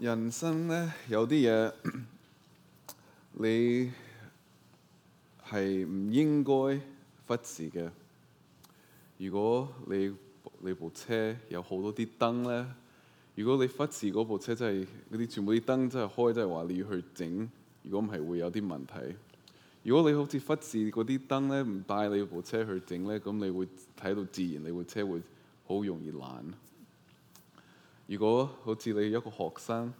人生咧有啲嘢，你係唔應該忽視嘅。如果你你部車有好多啲燈咧，如果你忽視嗰部車、即係，真係嗰啲全部啲燈真係開，真係話你要去整。如果唔係會有啲問題。如果你好似忽視嗰啲燈咧，唔帶你部車去整咧，咁你會睇到自然，你部車會好容易爛。如果好似你一個學生，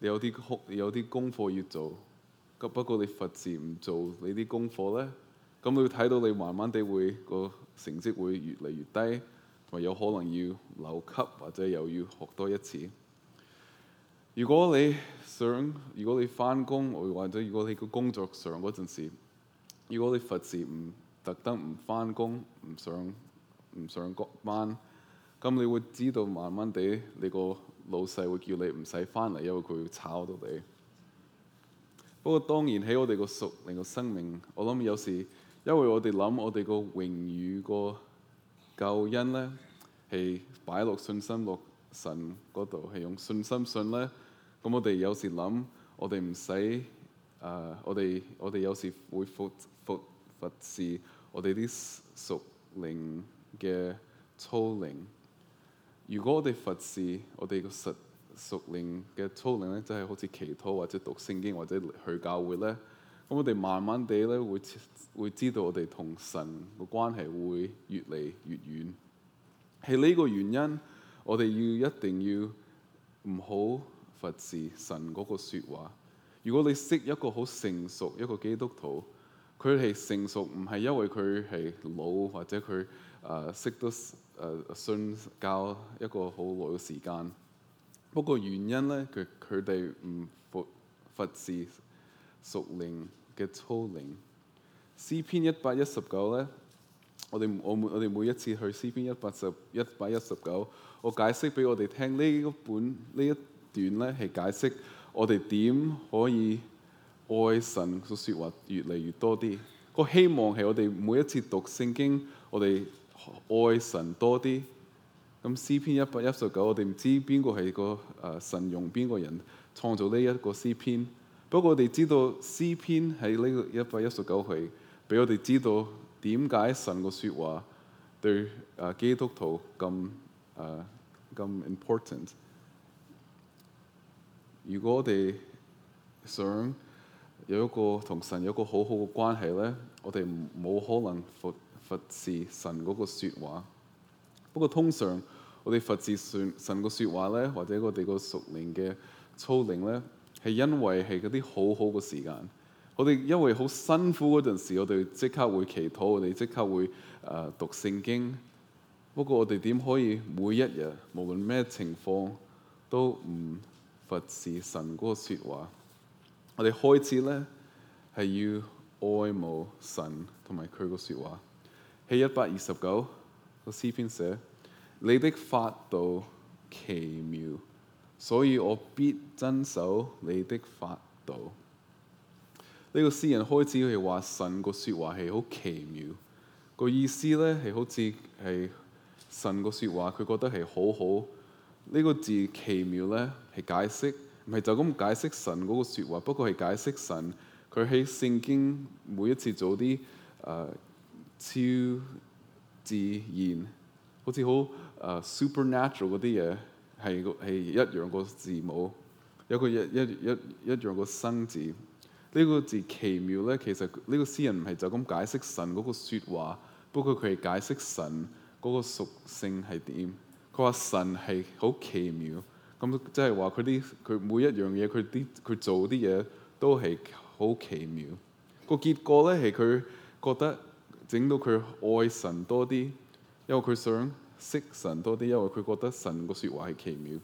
你有啲學有啲功課要做，咁不過你佛事唔做你，你啲功課咧，咁你會睇到你慢慢地會個成績會越嚟越低，或有可能要留級，或者又要學多一次。如果你想，如果你返工，或或者如果你個工作上嗰陣時，如果你佛事唔特登唔返工，唔上唔上班。咁你會知道，慢慢地你個老細會叫你唔使返嚟，因為佢會炒到你。不過當然喺我哋個屬靈個生命，我諗有時因為我哋諗我哋個榮譽個救恩咧，係擺落信心落神嗰度，係用信心信咧。咁我哋有時諗、呃，我哋唔使誒，我哋我哋有時會忽忽忽視我哋啲屬靈嘅操練。如果我哋忽視，我哋嘅屬靈嘅操練咧，就係、是、好似祈禱或者讀聖經或者去教會咧，咁我哋慢慢地咧會會知道我哋同神嘅關係會越嚟越遠。係呢個原因，我哋要一定要唔好忽視神嗰個説話。如果你識一個好成熟一個基督徒，佢係成熟唔係因為佢係老或者佢誒、呃、識得。誒信、啊、教一個好耐嘅時間，不過原因咧，佢佢哋唔服佛事屬靈嘅操靈。詩篇一百一十九咧，我哋我每我哋每一次去詩篇一百十一百一十九，我解釋俾我哋聽呢一本呢一段咧，係解釋我哋點可以愛神嘅説話越嚟越多啲。我希望係我哋每一次讀聖經，我哋。愛神多啲，咁詩篇一百一十九，我哋唔知邊個係個誒神用邊個人創造呢一個詩篇。不過我哋知道詩篇喺呢個一百一十九係俾我哋知道點解神個說話對誒、呃、基督徒咁誒咁 important。如果我哋想有一個同神有一個好好嘅關係咧，我哋冇可能。服侍神嗰個說話，不過通常我哋服侍神個說話咧，或者我哋個熟練嘅操練咧，係因為係嗰啲好好嘅時間。我哋因為好辛苦嗰陣時，我哋即刻會祈禱，我哋即刻會誒讀聖經。不過我哋點可以每一日無論咩情況都唔服侍神嗰個說話？我哋開始咧係要愛慕神同埋佢個說話。喺一百二十九個詩篇寫，你的法度奇妙，所以我必遵守你的法度。呢個詩人開始係話神個說話係好奇妙，個意思咧係好似係神個說話，佢覺得係好好。呢個字奇妙咧係解釋，唔係就咁解釋神嗰個說話，不過係解釋神佢喺聖經每一次做啲誒。呃超自然，好似好誒 supernatural 嗰啲嘢，係係一樣個字母，有個一一一一樣個生字。呢個字奇妙咧，其實呢個詩人唔係就咁解釋神嗰個説話，不過佢係解釋神嗰個屬性係點，佢話神係好奇妙，咁即係話佢啲佢每一樣嘢佢啲佢做啲嘢都係好奇妙。個結果咧係佢覺得。整到佢愛神多啲，因為佢想識神多啲，因為佢覺得神個説話係奇妙。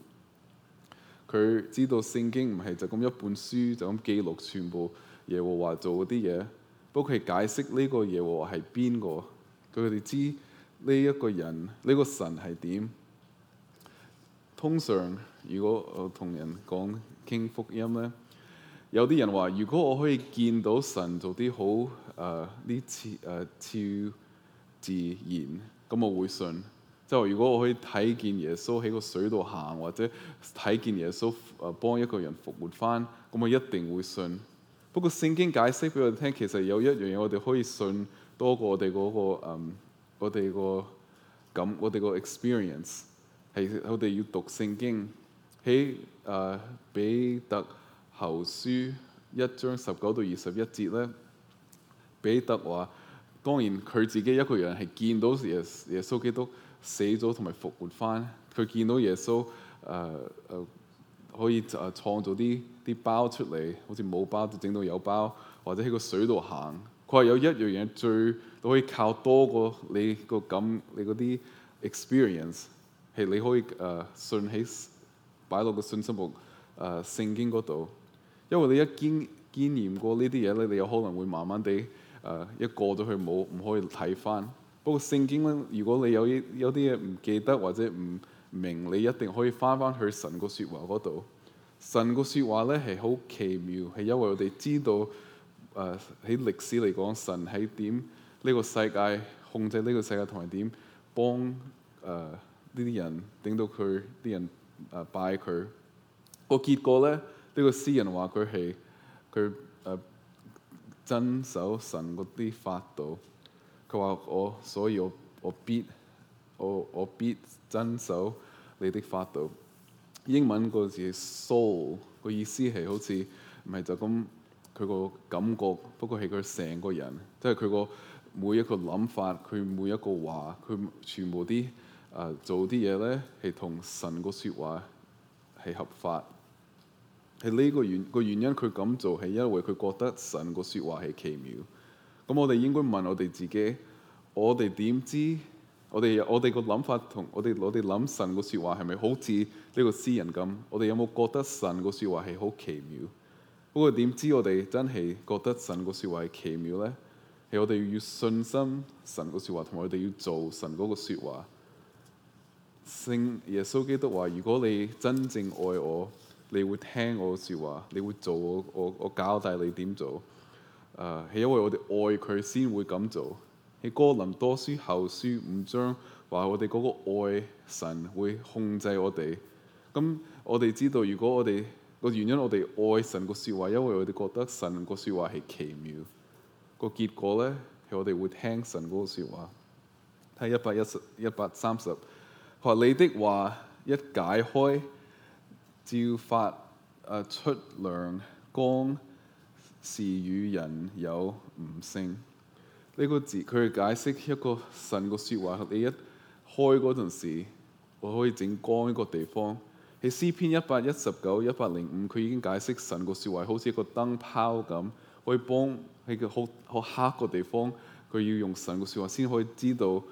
佢知道聖經唔係就咁一本書，就咁記錄全部耶和華做嗰啲嘢，不過佢解釋呢個耶和華係邊個，佢哋知呢一個人、呢、呢個神係點。通常如果我同人講傾福音咧。有啲人話：如果我可以見到神做啲好誒呢次誒超自然，咁我會信。即係如果我可以睇見耶穌喺個水度行，或者睇見耶穌誒幫一個人復活返，咁我一定會信。不過聖經解釋俾我哋聽，其實有一樣嘢我哋可以信多過我哋嗰個誒，我哋個咁，我哋個 experience 係我哋要讀聖經，喺誒彼得。Uh, 後書一章十九到二十一節咧，彼得話：當然佢自己一個人係見到耶穌，耶穌基督死咗同埋復活翻，佢見到耶穌誒誒可以誒創造啲啲包出嚟，好似冇包就整到有包，或者喺個水度行。佢話有一樣嘢最都可以靠多過你個咁你嗰啲 experience，係你可以誒信係擺落個信心部誒聖經嗰度。呃因為你一經經驗過呢啲嘢咧，你有可能會慢慢地誒、呃、一過咗去冇唔可以睇翻。不過聖經咧，如果你有啲有啲嘢唔記得或者唔明，你一定可以翻翻去神個説話嗰度。神個説話咧係好奇妙，係因為我哋知道誒喺歷史嚟講，神係點呢個世界控制呢個世界，同係點幫誒呢啲人頂到佢啲人誒拜佢個結果咧。呢個詩人話佢係佢誒遵守神嗰啲法度。佢話我，所以我我必我我必遵守你的法度。英文嗰個字係 soul，個意思係好似唔係就咁佢個感覺，不過係佢成個人，即係佢個每一個諗法，佢每一個話，佢全部啲誒、呃、做啲嘢咧係同神個説話係合法。係呢個原個原因，佢咁做係因為佢覺得神個説話係奇妙。咁我哋應該問我哋自己：我哋點知？我哋我哋個諗法同我哋我哋諗神個説話係咪好似呢個詩人咁？我哋有冇覺得神個説話係好奇妙？不過點知我哋真係覺得神個説話係奇妙咧？係我哋要信心神個説話，同我哋要做神嗰個説話。聖耶穌基督話：如果你真正愛我。你會聽我說話，你會做我我我交代你點做？誒，係因為我哋愛佢先會咁做。喺哥林多書後書五章，話我哋嗰個愛神會控制我哋。咁我哋知道，如果我哋個原因我哋愛神個說話，因為我哋覺得神個說話係奇妙。個結果咧，係我哋會聽神嗰個說話。睇一百一十一百三十，話你的話一解開。照發誒、啊、出亮光使愚人有悟性呢個字，佢係解釋一個神個説話你一開嗰陣時，我可以整光一個地方。喺詩篇一百一十九一百零五，佢已經解釋神個説話好似一個燈泡咁，可以幫喺個好好黑個地方，佢要用神個説話先可以知道誒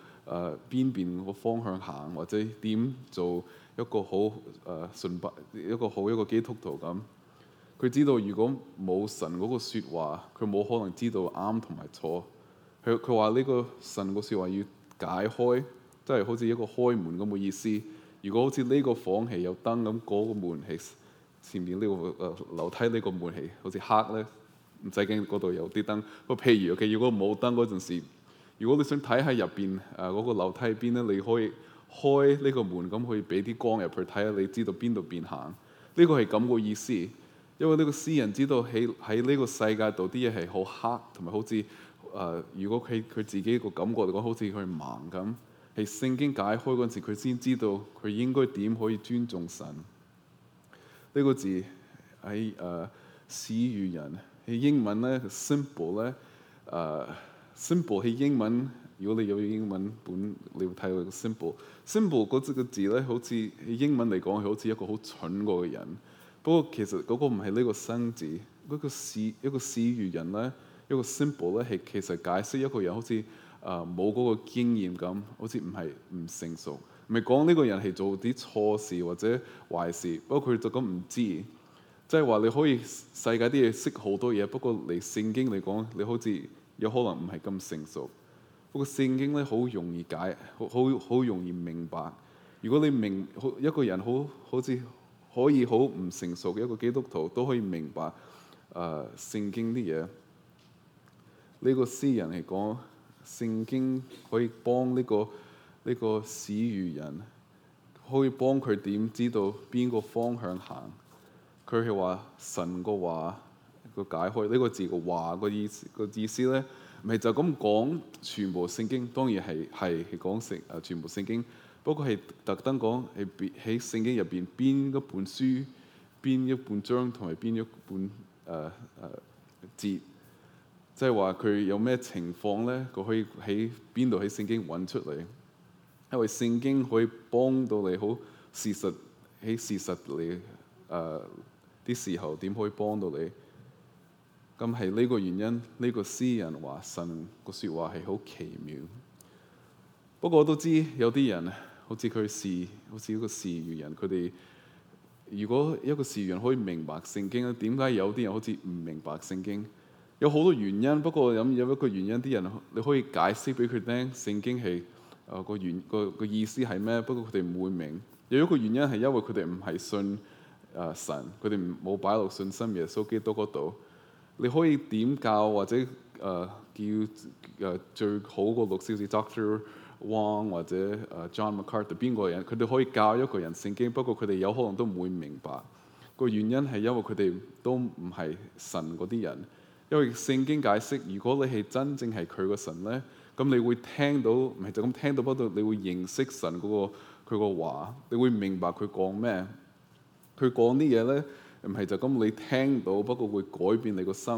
邊邊個方向行或者點做。一個好誒、呃、順白，一個好一個基督徒咁，佢知道如果冇神嗰個説話，佢冇可能知道啱同埋錯。佢佢話呢個神個説話要解開，即係好似一個開門咁嘅意思。如果好似呢個房係有燈咁，嗰、那個門係前面呢、這個誒、呃、樓梯呢個門係好似黑咧，唔使驚嗰度有啲燈。不過譬如佢如果冇燈嗰陣時，如果你想睇下入邊誒嗰個樓梯邊咧，你可以。開呢個門咁，可以俾啲光入去睇下，看看你知道邊度變行？呢、這個係咁個意思。因為呢個詩人知道喺喺呢個世界度啲嘢係好黑，同埋好似誒、呃，如果佢佢自己個感覺嚟講，好似佢盲咁。係聖經解開嗰陣時，佢先知道佢應該點可以尊重神。呢、這個字喺誒使愚人喺英文咧 simple 咧誒、呃、simple 喺英文。如果你有英文本，你會睇到 simple simple 嗰隻個字咧，好似英文嚟講，係好似一個好蠢過嘅人。不過其實嗰個唔係呢個生字，嗰、那個是一個使喻人咧。一個，個 simple 咧係其實解釋一個人好似啊冇嗰個經驗咁，好似唔係唔成熟，咪講呢個人係做啲錯事或者壞事。不過佢就咁唔知，即係話你可以世界啲嘢識好多嘢，不過你聖經嚟講，你好似有可能唔係咁成熟。嗰個聖經咧好容易解，好好容易明白。如果你明，好一個人好好似可以好唔成熟嘅一個基督徒都可以明白誒聖、呃、經啲嘢。呢、這個詩人係講聖經可以幫呢、這個呢、這個使愚人可以幫佢點知道邊個方向行。佢係話神個話個解開呢、這個字個話個意、那個意思咧。那個唔係就咁講全部聖經，當然係係講聖啊全部聖經，不過係特登講係邊喺聖經入邊邊一本書，邊一本章同埋邊一本誒誒、啊啊、節，即係話佢有咩情況咧，佢可以喺邊度喺聖經揾出嚟，因為聖經可以幫到你好事實喺事實嚟誒啲時候點可以幫到你。咁係呢個原因，呢、這個詩人話神個說話係好奇妙。不過我都知有啲人，好似佢是好似一個事預人。佢哋如果一個事預人可以明白聖經咧，點解有啲人好似唔明白聖經？有好多原因。不過有一、呃、不過不有一個原因，啲人你可以解釋俾佢聽，聖經係啊個原個個意思係咩？不過佢哋唔會明有一個原因係因為佢哋唔係信誒、呃、神，佢哋冇擺落信心耶穌基督嗰度。你可以點教或者誒、呃、叫誒、呃、最好個老師是 Dr. Wang，或者、呃、John MacArthur 邊個人？佢哋可以教一個人聖經，不過佢哋有可能都唔會明白。個原因係因為佢哋都唔係神嗰啲人。因為聖經解釋，如果你係真正係佢個神咧，咁你會聽到唔係就咁聽到，不過你會認識神嗰、嗰個佢個話，你會明白佢講咩。佢講啲嘢咧。唔係就咁你聽到，不過會改變你個心。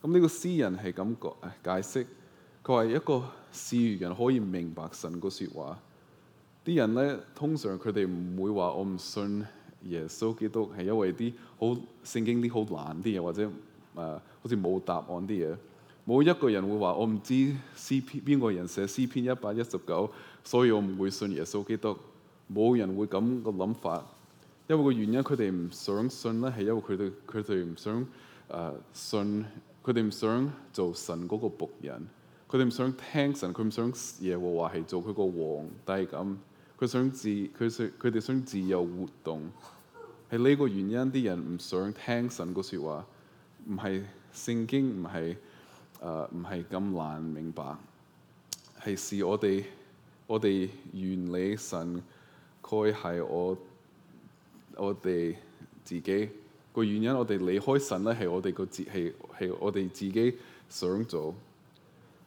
咁呢個詩人係咁解解釋，佢話一個詩人可以明白神個説話。啲人咧，通常佢哋唔會話我唔信耶穌基督，係因為啲好聖經啲好難啲嘢，或者誒、呃、好似冇答案啲嘢。冇一個人會話我唔知詩篇邊個人寫詩篇一百一十九，所以我唔會信耶穌基督。冇人會咁個諗法。因為個原因，佢哋唔想信咧，係因為佢哋佢哋唔想誒、呃、信，佢哋唔想做神嗰個僕人，佢哋唔想聽神，佢唔想耶和華係做佢個皇帝，係咁佢想自佢想佢哋想自由活動，係呢個原因啲人唔想聽神個説話，唔係聖經唔係誒唔係咁難明白，係是，是我哋我哋願理神，該係我。我哋自己個原因，我哋離開神咧，係我哋個節係係我哋自己想做。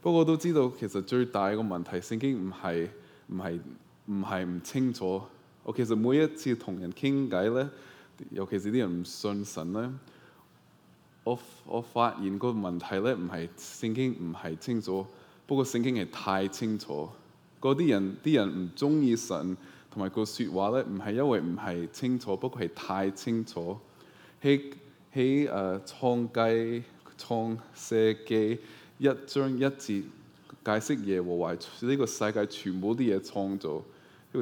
不過都知道其實最大個問題，聖經唔係唔係唔係唔清楚。我其實每一次同人傾偈咧，尤其是啲人唔信神咧，我我發現個問題咧，唔係聖經唔係清楚，不過聖經係太清楚。嗰啲人啲人唔中意神。同埋個説話咧，唔係因為唔係清楚，不過係太清楚。喺喺誒創計、創世記一章一節，解釋耶和華呢個世界全部啲嘢創造，呢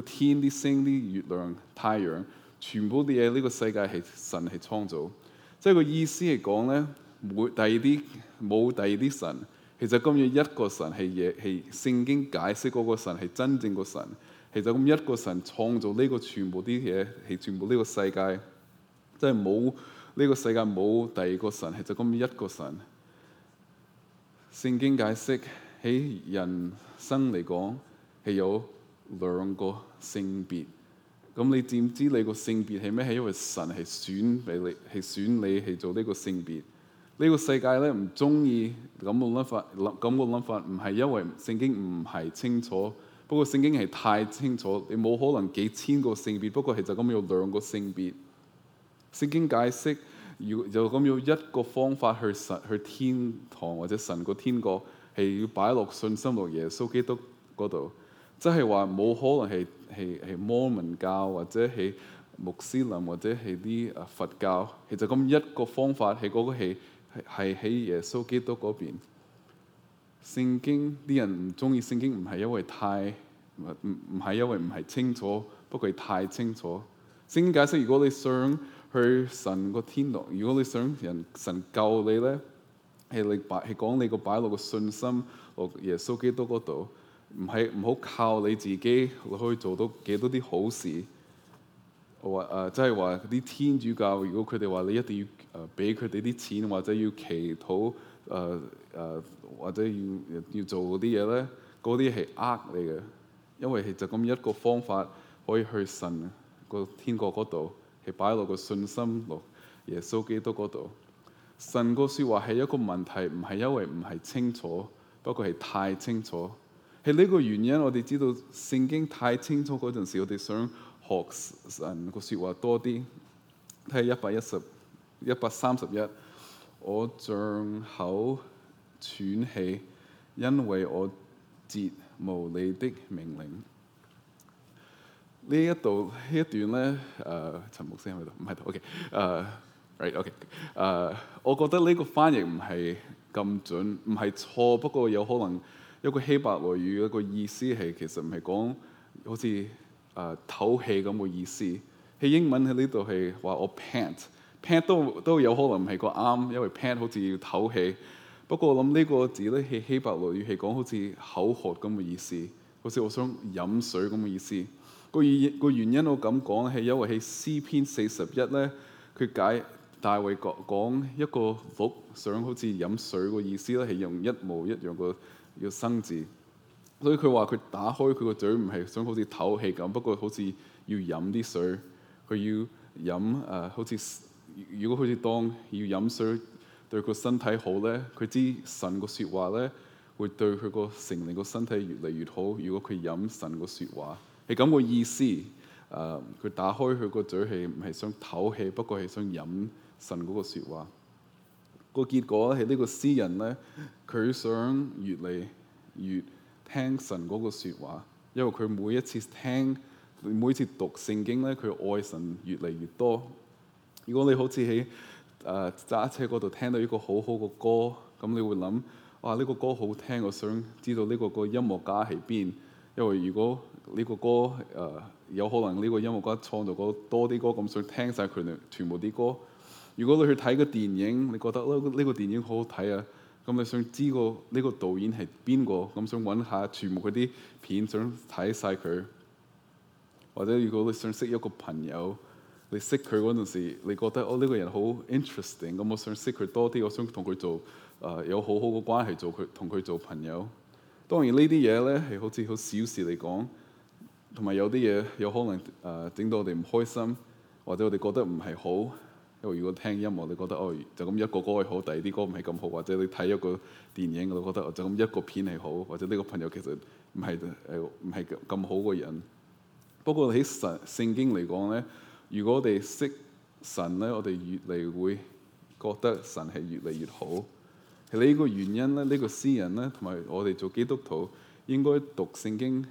個天啲星、啲月亮、太陽，全部啲嘢呢個世界係神係創造。即係個意思係講咧，冇第二啲冇第二啲神，其實今日一個神係耶，係聖經解釋嗰個神係真正個神。其實咁一個神創造呢個全部啲嘢，係全部呢個世界，真係冇呢個世界冇第二個神。其實咁一個神，聖經解釋喺人生嚟講係有兩個性別。咁你知唔知你個性別係咩？係因為神係選俾你，係選你係做呢個性別。呢個世界咧，唔中意咁個諗法，咁個諗法唔係因為聖經唔係清楚。不過聖經係太清楚，你冇可能幾千個性別。不過其實咁有兩個性別。聖經解釋如就咁要一個方法去神去天堂或者神個天國係要擺落信心落耶穌基督嗰度，即係話冇可能係係係摩門教或者係穆斯林或者係啲啊佛教。其實咁一個方法係嗰個係係喺耶穌基督嗰邊。聖經啲人唔中意聖經，唔係因為太唔唔係因為唔係清楚，不過係太清楚。聖經解釋，如果你想去神個天堂，如果你想人神救你咧，係你擺係講你個擺落個信心，或耶穌基督嗰度，唔係唔好靠你自己可以做到幾多啲好事。我話誒即係話啲天主教，如果佢哋話你一定要誒俾佢哋啲錢，或者要祈禱誒。呃誒、uh, 或者要要做嗰啲嘢咧，嗰啲係呃你嘅，因為係就咁一個方法可以去神個天國嗰度，係擺落個信心度耶穌基督嗰度。神個説話係一個問題，唔係因為唔係清楚，不過係太清楚係呢個原因。我哋知道聖經太清楚嗰陣時，我哋想學神個説話多啲。睇一百一十、一百三十一，我張口。喘氣，因為我切慕你的命令。呢一度呢一段咧，誒、呃，陳牧師喺度，唔喺度。OK，誒、uh,，Right，OK，、okay. 誒、uh,，我覺得呢個翻譯唔係咁準，唔係錯，不過有可能有一個希伯來語嘅一個意思係其實唔係講好似誒唞氣咁嘅意思。喺英文喺呢度係話我 pant，pant 都 pant 都有可能唔係個啱，因為 pant 好似要唞氣。不過我諗呢個字咧，希伯來語係講好似口渴咁嘅意思，好似我想飲水咁嘅意思。個意個原因我咁講係因為喺詩篇四十一咧，佢解大衛講講一個鹿想好似飲水個意思咧，係用一模一樣一個要」生字。所以佢話佢打開佢個嘴唔係想好似唞氣咁，不過好似要飲啲水，佢要飲誒、啊、好似如果好似當要飲水。對佢個身體好咧，佢知神個説話咧，會對佢個成年個身體越嚟越好。如果佢飲神個説話，係咁個意思。誒、呃，佢打開佢個嘴氣，唔係想唞氣，不過係想飲神嗰個説話。個結果咧係呢個詩人咧，佢想越嚟越聽神嗰個説話，因為佢每一次聽，每次讀聖經咧，佢愛神越嚟越多。如果你好似喺～誒，揸車嗰度聽到一個好好嘅歌，咁你會諗哇，呢個歌好聽，我想知道呢個個音樂家喺邊。因為如果呢個歌誒、呃、有可能呢個音樂家創作過多啲歌，咁想聽晒佢全部啲歌。如果你去睇個電影，你覺得呢個呢個電影好好睇啊，咁你想知個呢個導演係邊個，咁想揾下全部嗰啲片想睇晒佢。或者如果你想識一個朋友。你識佢嗰陣時，你覺得哦呢個人好 interesting，咁我想識佢多啲，我想同佢做誒、呃、有好好嘅關係，做佢同佢做朋友。當然呢啲嘢咧係好似好小事嚟講，同埋有啲嘢有可能誒整到我哋唔開心，或者我哋覺得唔係好。因為如果聽音樂，你覺得哦就咁一個歌係好，第二啲歌唔係咁好，或者你睇一個電影，我覺得就咁一個片係好，或者呢個朋友其實唔係誒唔係咁好嘅人。不過喺神聖經嚟講咧。如果我哋識神咧，我哋越嚟會覺得神係越嚟越好。係呢個原因咧，呢個詩人咧，同埋我哋做基督徒應該讀聖經，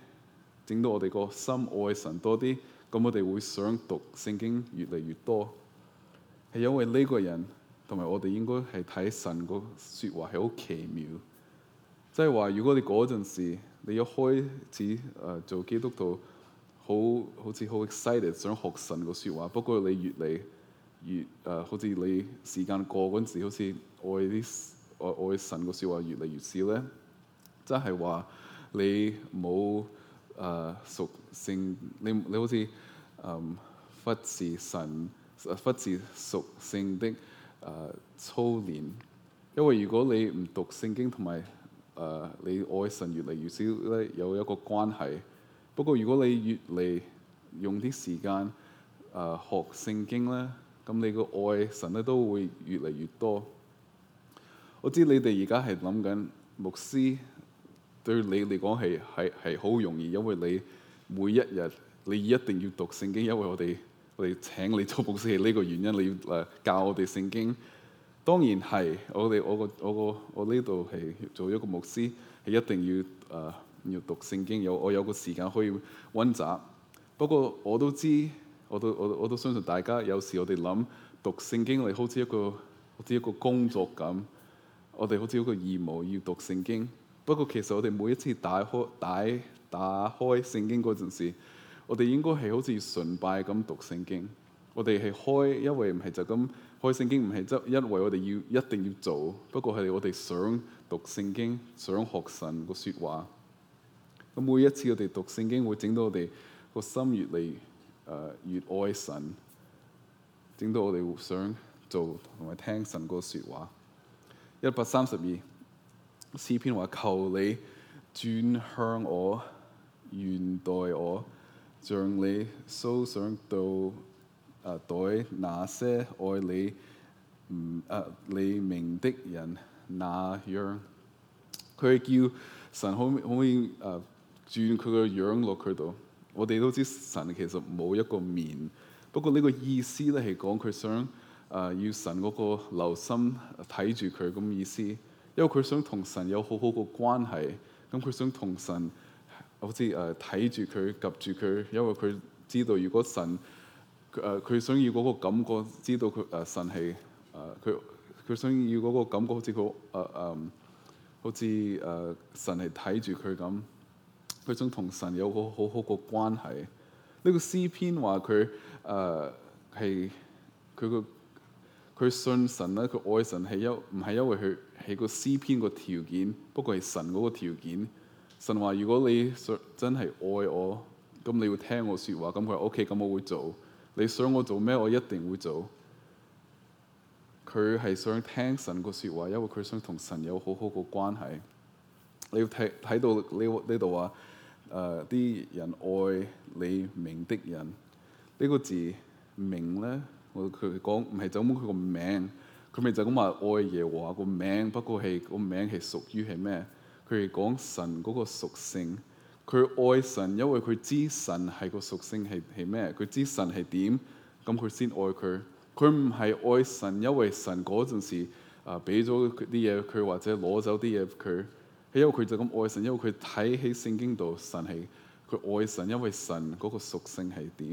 整到我哋個心愛神多啲。咁我哋會想讀聖經越嚟越多，係因為呢個人同埋我哋應該係睇神個説話係好奇妙。即係話，如果你嗰陣時你一開始誒做基督徒。好好似好 excited 想學神個説話，不過你越嚟越誒、呃、好似你時間過嗰陣時好似愛啲愛愛神個説話越嚟越少咧，即係話你冇誒屬性，你你好似誒、呃、忽視神，呃、忽視屬性的誒操練，因為如果你唔讀聖經同埋誒你愛神越嚟越少咧，有一個關係。不過，如果你越嚟用啲時間，誒、呃、學聖經咧，咁你個愛神咧都會越嚟越多。我知你哋而家係諗緊牧師對你嚟講係係係好容易，因為你每一日你一定要讀聖經，因為我哋我哋請你做牧師係呢、這個原因，你要誒教我哋聖經。當然係，我哋我個我個我呢度係做一個牧師係一定要誒。呃要讀聖經，有我有個時間可以温習。不過我都知，我都我我都相信大家有時我哋諗讀聖經嚟好似一個好似一個工作咁。我哋好似一個義務要讀聖經。不過其實我哋每一次打開打打開聖經嗰陣時，我哋應該係好似要崇拜咁讀聖經。我哋係開，因為唔係就咁開聖經，唔係即係因為我哋要一定要做。不過係我哋想讀聖經，想學神個説話。每一次我哋讀聖經，會整到我哋個心越嚟誒越愛神，整到我哋想做同埋聽神個說話。一百三十二詩篇話：求你轉向我，願待我，像你所想到誒對那些愛你嗯誒你名的人那樣。佢係叫神可唔可以誒？轉佢個樣落佢度，我哋都知神其實冇一個面，不過呢個意思咧係講佢想誒、呃、要神嗰個留心睇住佢咁意思，因為佢想同神有好好嘅關係，咁、嗯、佢想同神好似誒睇住佢及住佢，因為佢知道如果神誒佢、呃、想要嗰個感覺，知道佢誒、呃、神係誒佢佢想要嗰個感覺好似佢誒誒好似誒、呃、神係睇住佢咁。佢想同神有好好好個關係，呢個詩篇話佢誒係佢個佢信神咧，佢愛神係因唔係因為佢係個詩篇個條件，不過係神嗰個條件。神話如果你想真係愛我，咁你會聽我說話，咁佢話 OK，咁我會做。你想我做咩，我一定會做。佢係想聽神個說話，因為佢想同神有好好個關係。你要睇睇到呢呢度啊？誒啲、呃、人愛你名的人呢、呢個字名咧，我佢講唔係就咁佢個名，佢咪就咁話愛耶和華個名，不過係個名係屬於係咩？佢係講神嗰個屬性，佢愛神，因為佢知神係個屬性係係咩，佢知神係點，咁佢先愛佢。佢唔係愛神，因為神嗰陣時啊俾咗啲嘢佢，或者攞走啲嘢佢。係因為佢就咁愛神，因為佢睇起聖經度神係佢愛神，因為神嗰個屬性係點。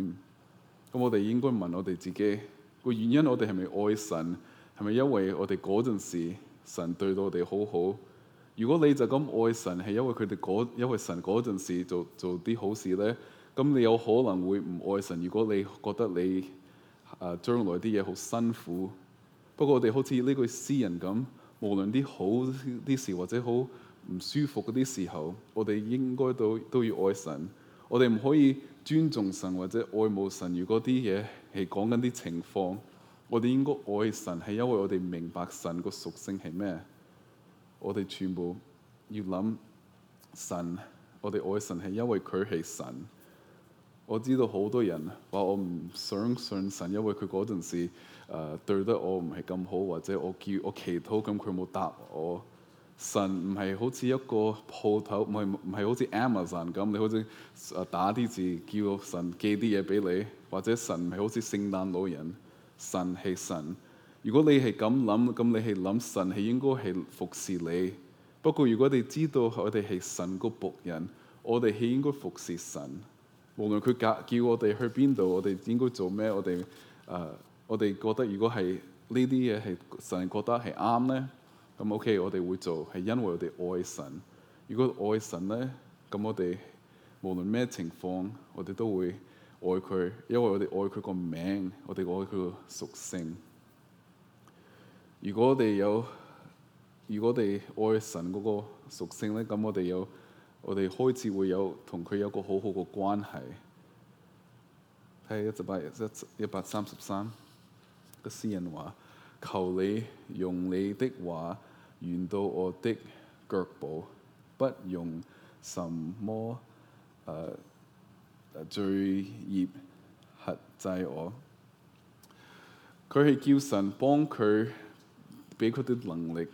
咁我哋應該問我哋自己個原因，我哋係咪愛神？係咪因為我哋嗰陣時神對到我哋好好？如果你就咁愛神，係因為佢哋嗰因為神嗰陣時做做啲好事咧，咁你有可能會唔愛神？如果你覺得你啊將來啲嘢好辛苦，不過我哋好似呢句詩人咁，無論啲好啲事或者好。唔舒服嗰啲時候，我哋應該都都要愛神。我哋唔可以尊重神或者愛慕神。如果啲嘢係講緊啲情況，我哋應該愛神係因為我哋明白神個屬性係咩。我哋全部要諗神，我哋愛神係因為佢係神。我知道好多人話我唔相信神，因為佢嗰陣時誒對得我唔係咁好，或者我叫我祈禱咁佢冇答我。神唔係好似一個鋪頭，唔係唔係好似 Amazon 咁，你好似誒打啲字叫神寄啲嘢俾你，或者神唔係好似聖誕老人，神係神。如果你係咁諗，咁你係諗神係應該係服侍你。不過如果你知道我哋係神個僕人，我哋係應該服侍神。無論佢教叫我哋去邊度，我哋應該做咩？我哋誒、uh, 我哋覺得如果係呢啲嘢係神覺得係啱咧。咁 OK，我哋會做，係因為我哋愛神。如果愛神咧，咁我哋無論咩情況，我哋都會愛佢，因為我哋愛佢個名，我哋愛佢個屬性。如果我哋有，如果我哋愛神嗰個屬性咧，咁我哋有，我哋開始會有同佢有個好好嘅關係。睇下一集八一一八三十三嘅詩人話。求你用你的話穩當我的腳步，不用什麼誒罪孽轄制我。佢係叫神幫佢俾佢啲能力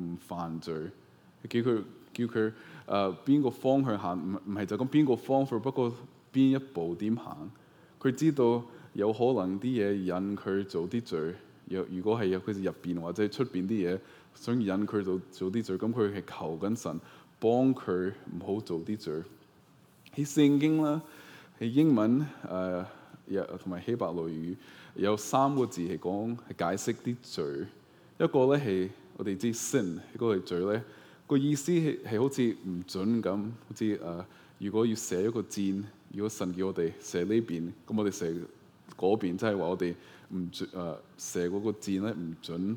唔犯罪，佢叫佢叫佢誒邊個方向行，唔唔係就咁邊個方法，不過邊一步點行，佢知道有可能啲嘢引佢做啲罪。若如果係有佢入邊或者出邊啲嘢想引佢做做啲罪，咁佢係求緊神幫佢唔好做啲罪。喺聖經啦，喺英文誒，同埋希伯來語有三個字係講係解釋啲罪。一個咧係我哋知 sin 嗰個罪咧，嗰個意思係係好似唔準咁，好似誒，如果要寫一個字，如果神叫我哋寫呢邊，咁我哋寫嗰邊即係話我哋唔準誒、呃、射嗰個箭咧，唔準。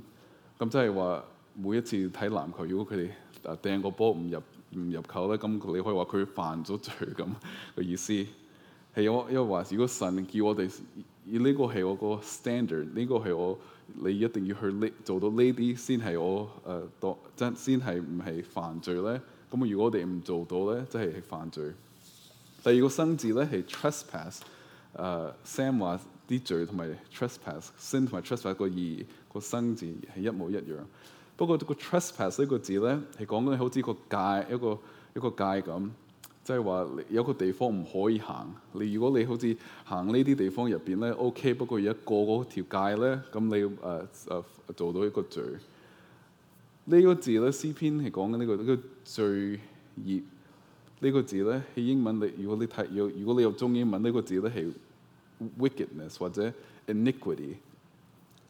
咁即係話每一次睇籃球，如果佢哋掟個波唔入唔入球咧，咁你可以話佢犯咗罪咁嘅意思。係我因為話，如果神叫我哋以呢個係我個 standard 呢個係我你一定要去做、呃、呢做到呢啲先係我誒當真先係唔係犯罪咧？咁如果我哋唔做到咧，即係犯罪。第二個生字咧係 trespass。誒、uh, Sam 話啲罪同埋 trespass，sin 同埋 trespass、個義個生字係一模一樣。不過個 trespass 呢個字咧係講緊好似個，個，個界一個、就是、一個界咁，即係話有個地方唔可以行。你如果你好似行呢啲地方入邊咧 OK，不過而家過嗰條界咧，咁、那個、你誒誒、uh, uh, uh, 做到一個罪呢、呢個字咧，詩篇係講緊呢個呢個罪業。呢個字咧，喺英文你如果你睇有如果你有中英文呢個字咧係 wickedness 或者 iniquity。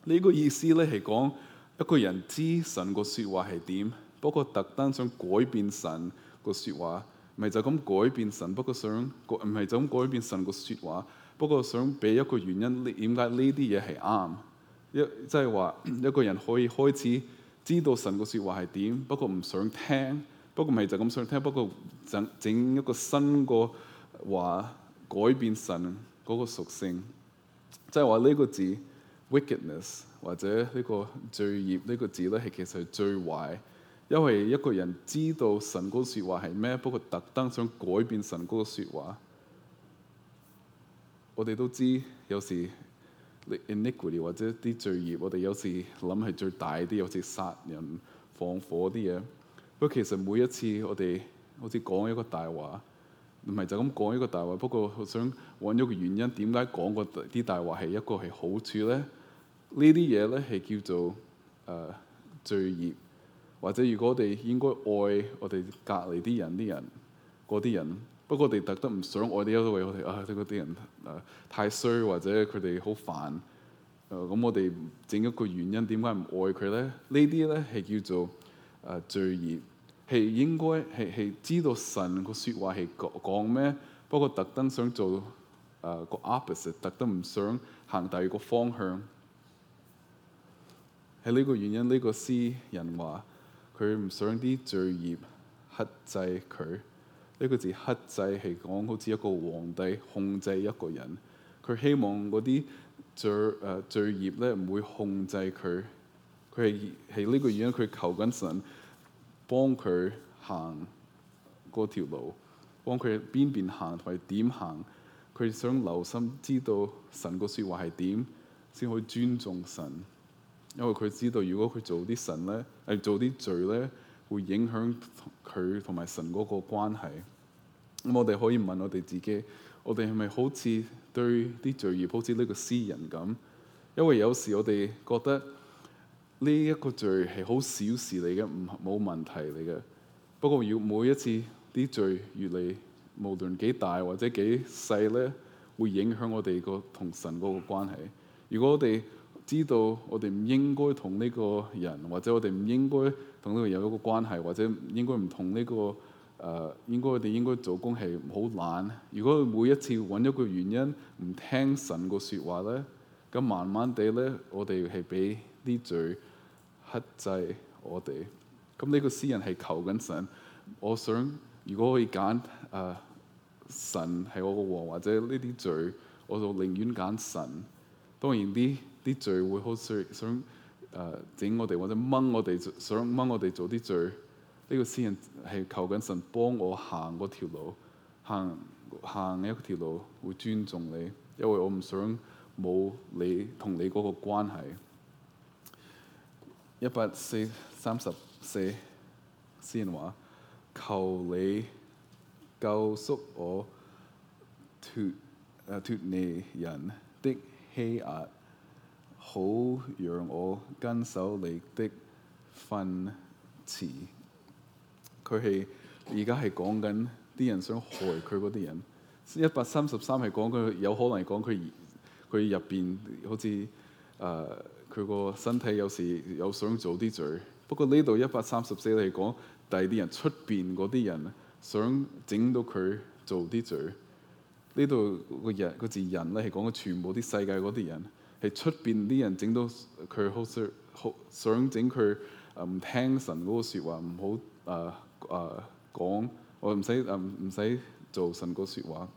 呢個意思咧係講一個人知神個説話係點，不過特登想改變神個説話，咪就咁改變神？不過想唔係就咁改變神個説話，不過想俾一個原因，點解呢啲嘢係啱？一即係話一個人可以開始知道神個説話係點，不過唔想聽。不過唔係就咁想聽，不過整，整一個新個話改變神嗰個屬性，即係話呢個字 wickedness 或者呢個罪孽呢、這個字咧，係其實係最壞，因為一個人知道神嗰個說話係咩，不過特登想改變神嗰個說話。我哋都知有時 iniquity 或者啲罪孽，我哋有時諗係最大啲，有時殺人放火啲嘢。不過其實每一次我哋好似講一個大話，唔係就咁講一個大話。不過我想揾一個原因，點解講個啲大話係一個係好處咧？呢啲嘢咧係叫做誒、呃、罪孽。或者如果我哋應該愛我哋隔籬啲人啲人嗰啲人，不過我哋特登唔想愛啲人都會我哋啊！嗰啲人誒、呃、太衰或者佢哋好煩，誒、呃、咁我哋整一個原因，點解唔愛佢咧？呢啲咧係叫做誒、呃、罪孽。係應該係係知道神個説話係講咩，不過特登想做誒個、uh, opposite，特登唔想行第二個方向。係呢個原因，呢、這個詩人話佢唔想啲罪孽克制佢。呢、這個字克制係講好似一個皇帝控制一個人，佢希望嗰啲罪誒罪孽咧唔會控制佢。佢係係呢個原因，佢求緊神。幫佢行嗰條路，幫佢喺邊邊行同埋點行，佢想留心知道神個説話係點，先可以尊重神。因為佢知道，如果佢做啲神咧，誒做啲罪咧，會影響佢同埋神嗰個關係。咁我哋可以問我哋自己，我哋係咪好似對啲罪業好似呢個詩人咁？因為有時我哋覺得。呢一個罪係好小事嚟嘅，唔冇問題嚟嘅。不過要每一次啲罪越嚟，無論幾大或者幾細咧，會影響我哋個同神嗰個關係。如果我哋知道我哋唔應該同呢個人，或者我哋唔應該同呢個人有一個關係，或者應該唔同呢個誒、呃，應該我哋應該做工係好懶。如果每一次揾一個原因唔聽神個説話咧，咁慢慢地咧，我哋係俾啲罪。克制我哋，咁呢個詩人係求緊神。我想，如果可以揀，誒、呃、神係我個王，或者呢啲罪，我就寧願揀神。當然呢啲罪會好想誒、呃、整我哋，或者掹我哋，想掹我哋做啲罪。呢個詩人係求緊神幫我行嗰條路，行行一條路會尊重你，因為我唔想冇你同你嗰個關係。一百四三十四先話，求你救贖我脱誒脱離人的欺壓，好讓我跟守你的訓詞。佢係而家係講緊啲人想害佢嗰啲人。一百三十三係講佢有可能講佢佢入邊好似誒。呃佢個身體有時有想做啲罪。不過呢度一百三十四嚟講，第二啲人出邊嗰啲人想整到佢做啲罪。呢度個人、嗰個字人咧係講嘅全部啲世界嗰啲人，係出邊啲人整到佢好，好，好想好想整佢唔聽神嗰個説話，唔好誒誒講，我唔使唔唔使做神個説話。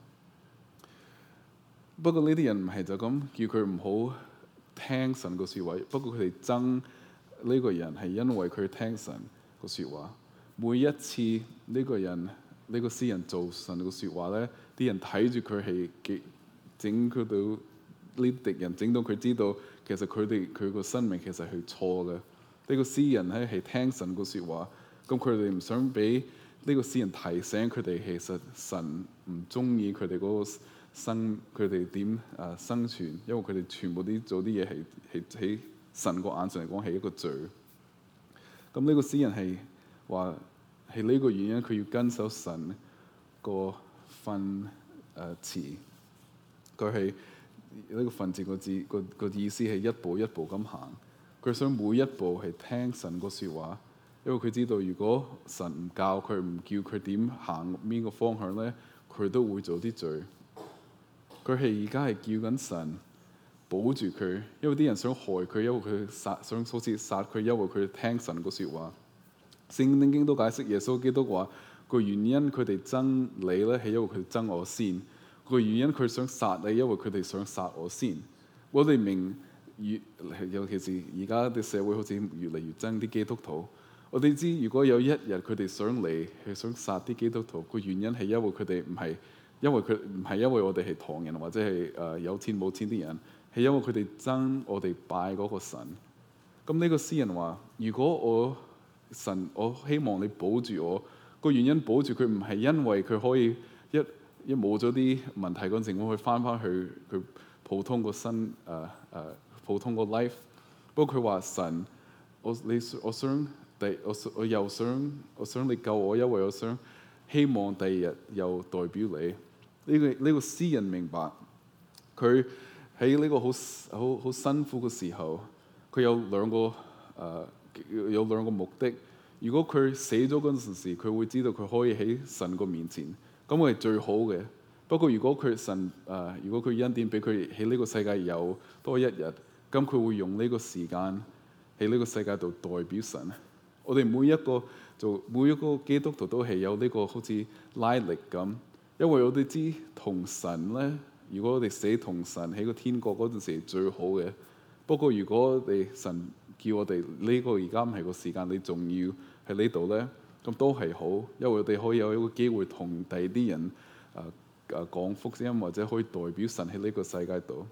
不過呢啲人唔係就咁叫佢唔好。聽神個説話，不過佢哋憎呢個人係因為佢聽神個説話。每一次呢個人呢個詩人做神個説話咧，啲人睇住佢係結整佢到呢啲敵人，整到佢知道其實佢哋佢個生命其實係錯嘅。呢個詩人咧係聽神個説話，咁佢哋唔想俾呢個詩人提醒佢哋，其實神唔中意佢哋嗰個。生佢哋點誒，生存？因為佢哋全部啲做啲嘢係係，喺神個眼中嚟講係一個罪。咁呢個詩人係話係呢個原因，佢要跟守神個訓誒詞。佢係呢個訓字個字個個意思係一步一步咁行。佢想每一步係聽神個説話，因為佢知道如果神唔教佢，唔叫佢點行邊個方向咧，佢都會做啲罪。佢係而家係叫緊神保住佢，因為啲人想害佢，因為佢殺想好似殺佢，因為佢聽神個說話。聖經都解釋耶穌基督話個原因，佢哋憎你咧，係因為佢哋憎我先。個原因佢想殺你，因為佢哋想殺我先。我哋明越尤其是而家啲社會好似越嚟越憎啲基督徒。我哋知如果有一日佢哋想嚟，係想殺啲基督徒，個原因係因為佢哋唔係。因為佢唔係因為我哋係唐人，或者係誒有錢冇錢啲人，係因為佢哋憎我哋拜嗰個神。咁呢個詩人話：如果我神，我希望你保住我，個原因保住佢唔係因為佢可以一一冇咗啲問題嗰情，我可以翻返去佢普通個身誒誒、啊啊、普通個 life。不過佢話神，我你我想第我我又想我想你救我因為，我想希望第二日又代表你。呢、這個呢、這個詩人明白，佢喺呢個好好好辛苦嘅時候，佢有兩個誒、呃，有兩個目的。如果佢死咗嗰陣時，佢會知道佢可以喺神嘅面前，咁係最好嘅。不過如果佢神誒、呃，如果佢恩典俾佢喺呢個世界有多一日，咁佢會用呢個時間喺呢個世界度代表神。我哋每一個做每一個基督徒都係有呢、這個好似拉力咁。因為我哋知同神咧，如果我哋死同神喺個天國嗰陣時係最好嘅。不過如果我哋神叫我哋呢個而家唔係個時間，你仲要喺呢度咧，咁都係好，因為我哋可以有一個機會同第二啲人誒誒講福音，或者可以代表神喺呢個世界度。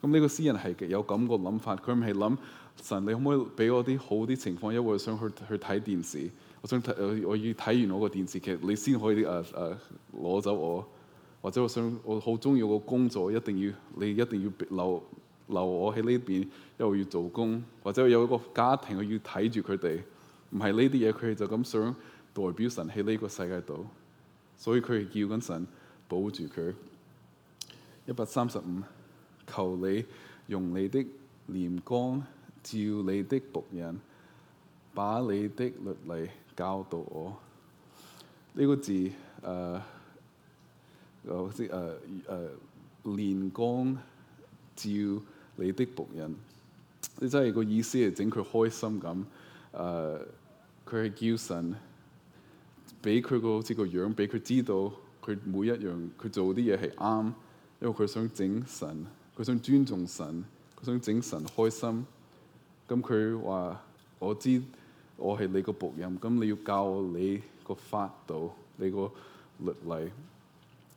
咁呢個詩人係有咁個諗法，佢唔係諗神，你可唔可以俾我啲好啲情況？因為我想去去睇電視。我想睇我要睇完我個電視劇，你先可以誒誒攞走我。或者我想我好中意個工作，一定要你一定要留留我喺呢邊，因為我要做工，或者我有一個家庭，我要睇住佢哋。唔係呢啲嘢，佢哋就咁想代表神喺呢個世界度，所以佢叫緊神保住佢。一百三十五，求你用你的臉光照你的僕人。把你的律例教導我，呢、這個字誒，有啲誒誒，臉光照你的僕人，你真係個意思係整佢開心咁誒，佢、呃、係叫神俾佢個好似個樣俾佢知道佢每一樣佢做啲嘢係啱，因為佢想整神，佢想尊重神，佢想整神開心。咁佢話我知。我係你個僕人，咁你要教我你個法度，你個律例。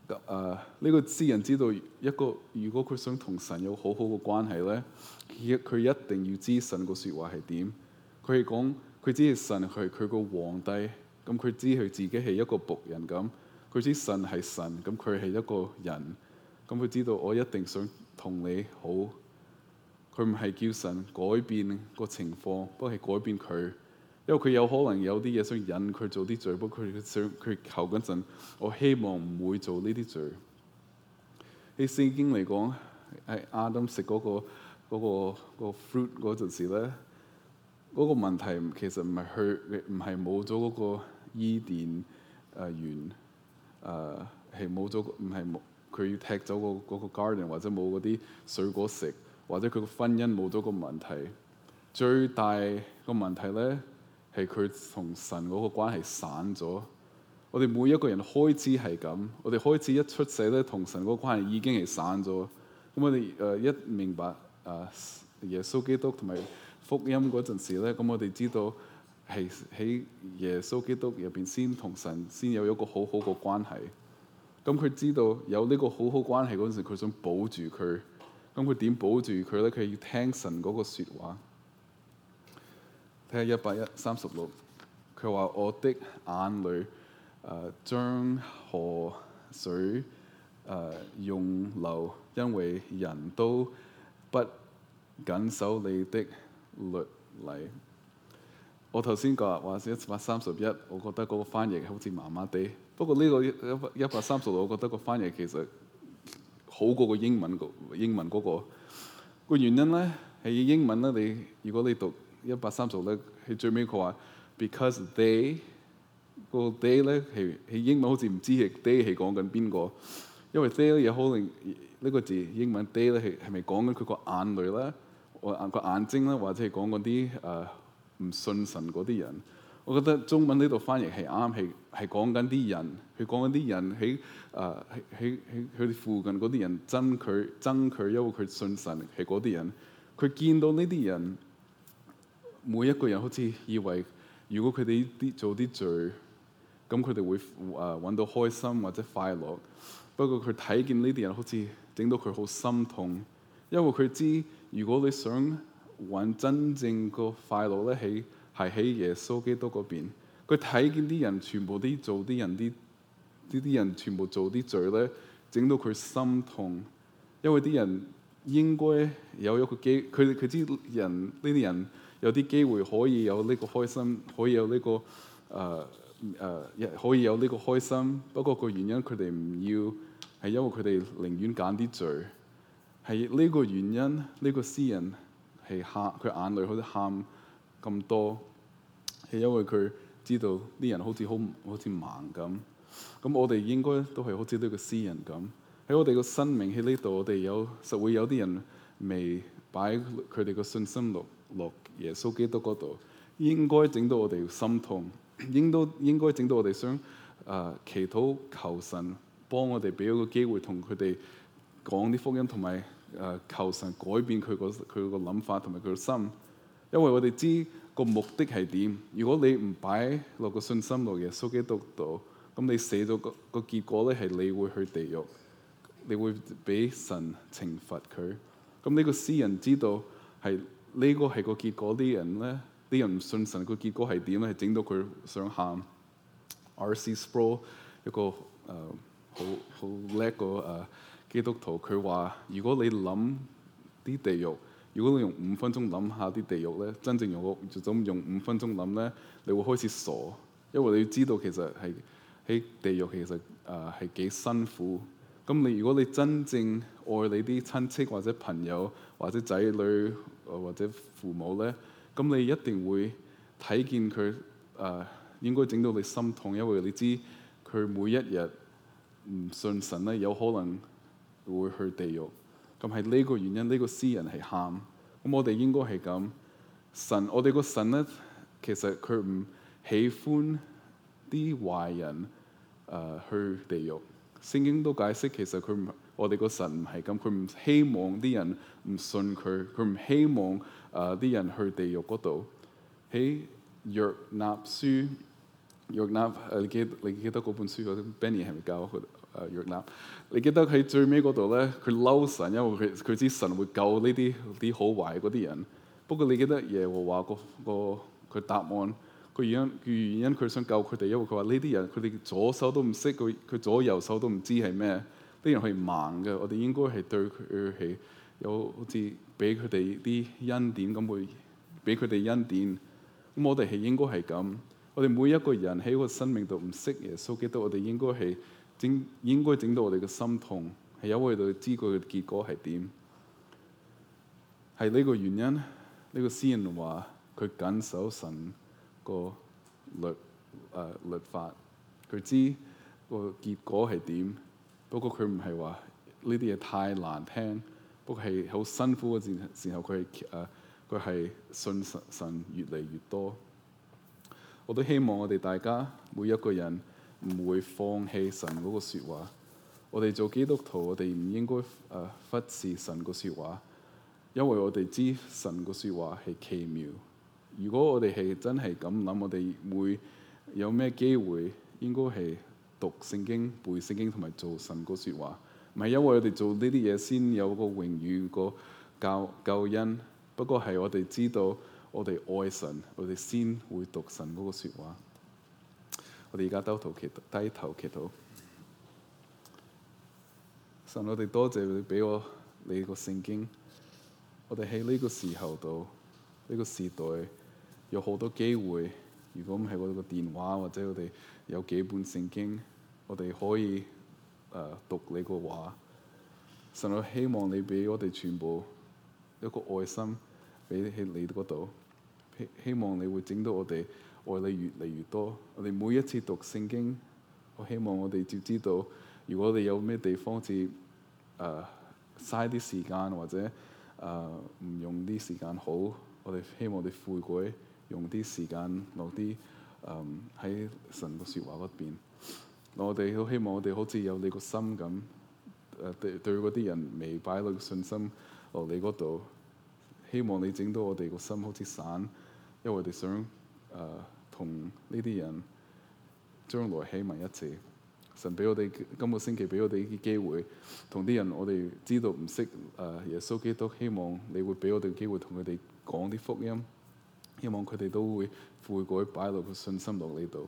咁、uh, 呢個詩人知道一個，如果佢想同神有好好嘅關係咧，佢一定要知神個說話係點。佢係講佢知神係佢個皇帝，咁佢知佢自己係一個僕人咁。佢知神係神，咁佢係一個人。咁佢知道我一定想同你好。佢唔係叫神改變個情況，不過係改變佢。因為佢有可能有啲嘢想引佢做啲罪，不過佢想佢求嗰陣，我希望唔會做呢啲罪。喺聖經嚟講，喺亞當食嗰個嗰個個 fruit 嗰陣時咧，嗰個問題其實唔係佢唔係冇咗嗰個伊甸誒園誒係冇咗唔係冇佢要踢走個嗰個 garden 或者冇嗰啲水果食，或者佢個婚姻冇咗個問題。最大個問題咧～係佢同神嗰個關係散咗，我哋每一個人開始係咁，我哋開始一出世咧，同神嗰個關係已經係散咗。咁我哋誒一明白誒耶穌基督同埋福音嗰陣時咧，咁我哋知道係喺耶穌基督入邊先同神先有一個好好嘅關係。咁佢知道有呢個好好關係嗰陣時，佢想保住佢。咁佢點保住佢咧？佢要聽神嗰個説話。聽一百一三十六，佢話我的眼淚，誒、呃、將河水誒、呃、用流，因為人都不謹守你的律例。我頭先講話先一百三十一，1，我覺得嗰個翻譯好似麻麻地。不過呢個一百一百三十六，我覺得個翻譯其實好過個英文個英文嗰、那個個原因咧係英文咧，你如果你讀。一百三十咧，喺最尾佢話，Because they，、那個 they 咧係喺英文好似唔知係 they 係講緊邊個，因為 they 嘢好令呢、這個字英文 they 咧係係咪講緊佢個眼淚咧，或個眼睛咧，或者係講嗰啲誒唔信神嗰啲人？我覺得中文呢度翻譯係啱，係係講緊啲人，佢講緊啲人喺誒喺喺喺佢哋附近嗰啲人憎佢憎佢，因為佢信神係嗰啲人，佢見到呢啲人。每一個人好似以為，如果佢哋啲做啲罪，咁佢哋會誒揾、呃、到開心或者快樂。不過佢睇見呢啲人好似整到佢好心痛，因為佢知如果你想揾真正個快樂咧，喺係喺耶穌基督嗰邊。佢睇見啲人全部啲做啲人啲呢啲人全部做啲罪咧，整到佢心痛，因為啲人應該有一個機佢佢知人呢啲人。有啲機會可以有呢個開心，可以有呢，這個誒誒、呃呃，可以有呢個開心。不過個原因佢哋唔要係因為佢哋寧願揀啲罪，係呢個原因呢，這個詩人係喊佢眼淚好似喊咁多，係因為佢知道啲人好似好好似盲咁。咁我哋應該都係好似呢個詩人咁喺我哋個生命喺呢度，我哋有實會有啲人未擺佢哋個信心落落耶穌基督嗰度應該整到我哋心痛，應都應該整到我哋想誒、呃、祈禱求神幫我哋俾一個機會同佢哋講啲福音，同埋誒求神改變佢個佢個諗法同埋佢個心，因為我哋知個目的係點。如果你唔擺落個信心度耶穌基督度，咁你死咗個個結果咧係你會去地獄，你會俾神懲罰佢。咁呢個詩人知道係。呢個係個結果，啲人咧，啲人唔信神，個結果係點咧？係整到佢想喊。R.C. Sproul 一個誒好好叻個誒、呃、基督徒，佢話：如果你諗啲地獄，如果你用五分鐘諗下啲地獄咧，真正用就咁用五分鐘諗咧，你會開始傻，因為你要知道其實係喺地獄其實誒係幾辛苦。咁你如果你真正愛你啲親戚或者朋友或者仔女，或者父母咧，咁你一定會睇見佢誒，應該整到你心痛，因為你知佢每一日唔信神咧，有可能會去地獄。咁係呢個原因，呢、這個詩人係喊。咁我哋應該係咁，神，我哋個神咧，其實佢唔喜歡啲壞人誒、呃、去地獄。聖經都解釋，其實佢唔。我哋個神唔係咁，佢唔希望啲人唔信佢，佢唔希望誒啲、呃、人去地獄嗰度。喺約拿書，約拿誒，你記你記得嗰本書喎？Benny 係咪教佢去誒約拿？你記得喺、uh, 最尾嗰度咧？佢嬲神，因為佢佢知神會救呢啲啲好壞嗰啲人。不過你記得耶和華個個，個，個答案？佢原佢原因佢想救佢哋，因為佢話呢啲人佢哋左手都唔識佢，佢左右手都唔知係咩。啲人係盲嘅，我哋應該係對佢係有好似俾佢哋啲恩典咁，會俾佢哋恩典。咁我哋係應該係咁。我哋每一個人喺個生命度唔識耶穌基督，我哋應該係整應該整到我哋嘅心痛，係因為佢知佢嘅結果係點。係呢個原因，呢、這個詩人話佢緊守神個律誒、呃、律法，佢知個結果係點。不過佢唔係話呢啲嘢太難聽，不過係好辛苦嘅時時候，佢誒佢係信神神越嚟越多。我都希望我哋大家每一個人唔會放棄神嗰個說話。我哋做基督徒，我哋唔應該誒、呃、忽視神個說話，因為我哋知神個說話係奇妙。如果我哋係真係咁諗，我哋會有咩機會？應該係。讀聖經、背聖經同埋做神個說話，唔係因為我哋做呢啲嘢先有個榮譽個救救恩。不過係我哋知道，我哋愛神，我哋先會讀神嗰個說話。我哋而家低頭祈禱低頭祈禱，神，我哋多謝你俾我你個聖經。我哋喺呢個時候度呢個時代有好多機會，如果唔係我個電話或者我哋有幾本聖經。我哋可以誒讀、uh, 你個話，神啊，希望你俾我哋全部一個愛心俾喺你嗰度，希望你會整到我哋愛你越嚟越多。我哋每一次讀聖經，我希望我哋就知道，如果你有咩地方似誒嘥啲時間，或者誒唔、uh, 用啲時間好，我哋希望你悔改，用啲時間落啲誒喺神個説話嗰邊。我哋都希望我哋好似有你個心咁，誒、呃、對對嗰啲人未擺落個信心落、哦、你嗰度，希望你整到我哋個心好似散，因為我哋想誒、呃、同呢啲人將來喺埋一齊。神俾我哋今個星期俾我哋啲機會，同啲人我哋知道唔識誒耶穌基督，希望你會俾我哋機會同佢哋講啲福音，希望佢哋都會悔改擺落個信心落呢度。